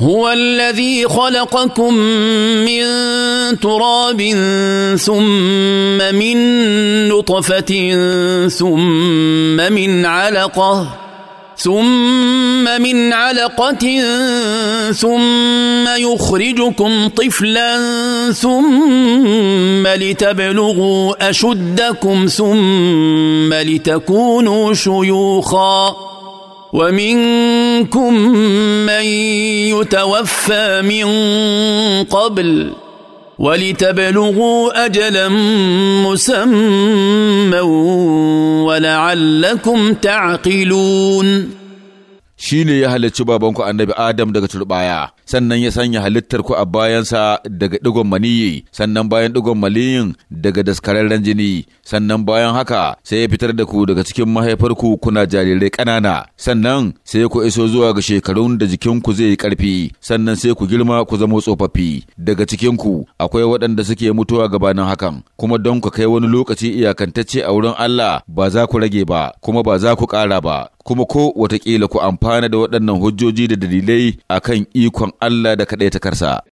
هو الذي خلقكم من تراب ثم من نطفه ثم من علقه ثم من علقه ثم يخرجكم طفلا ثم لتبلغوا اشدكم ثم لتكونوا شيوخا ومنكم من يتوفى من قبل ولتبلغوا اجلا مسمى ولعلكم تعقلون shi ne ya halarci babanku annabi Adam daga turbaya, sannan ya sanya halittar ku a bayansa daga digon maniyi, sannan bayan digon maniyin daga daskararren jini, sannan bayan haka sai ya fitar da ku daga cikin mahaifarku kuna jarirai ƙanana, sannan sai ku iso zuwa ga shekarun da jikinku zai yi ƙarfi, sannan sai ku girma ku zama tsofaffi. Daga cikinku akwai waɗanda suke mutuwa gabanin hakan, kuma don ku kai wani lokaci iyakantacce a wurin Allah ba za ku rage ba, kuma ba za ku ƙara ba. kuma ko watakila ku amfana da waɗannan hujjoji da dalilai akan ikon Allah da kaɗai takarsa.